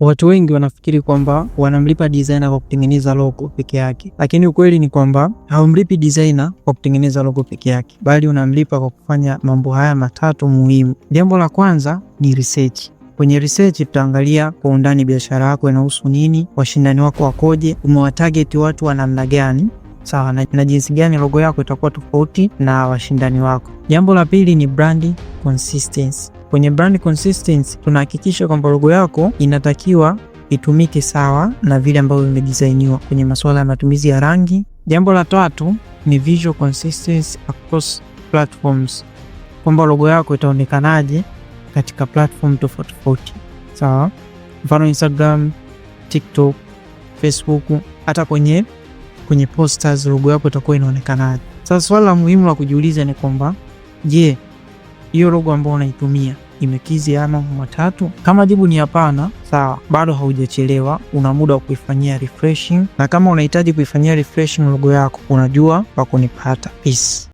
Watu wengi wanafikiri kwamba wanamlipa designer kwa kutengeneza logo peke yake, lakini ukweli ni kwamba haumlipi designer kwa kutengeneza logo peke yake, bali unamlipa kwa kufanya mambo haya matatu muhimu. Jambo la kwanza ni research. Kwenye research tutaangalia kwa undani biashara yako inahusu nini, washindani wako wakoje, umewatarget watu wa namna gani, sawa na jinsi gani logo yako itakuwa tofauti na washindani wako. Jambo la pili ni brand consistency. Kwenye brand consistency tunahakikisha kwamba logo yako inatakiwa itumike sawa na vile ambavyo vimedesainiwa kwenye masuala ya matumizi ya rangi. Jambo la tatu ni visual consistency across platforms, kwamba logo yako itaonekanaje katika platform tofauti tofauti, sawa? Mfano Instagram, TikTok, Facebook, hata kwenye kwenye posters logo yako itakuwa inaonekanaje. Sasa swala muhimu la kujiuliza ni kwamba je, yeah, hiyo logo ambayo unaitumia imekizi ama matatu? Kama jibu ni hapana, sawa, bado haujachelewa, una muda wa kuifanyia refreshing, na kama unahitaji kuifanyia refreshing logo yako, unajua pa kunipata. Peace.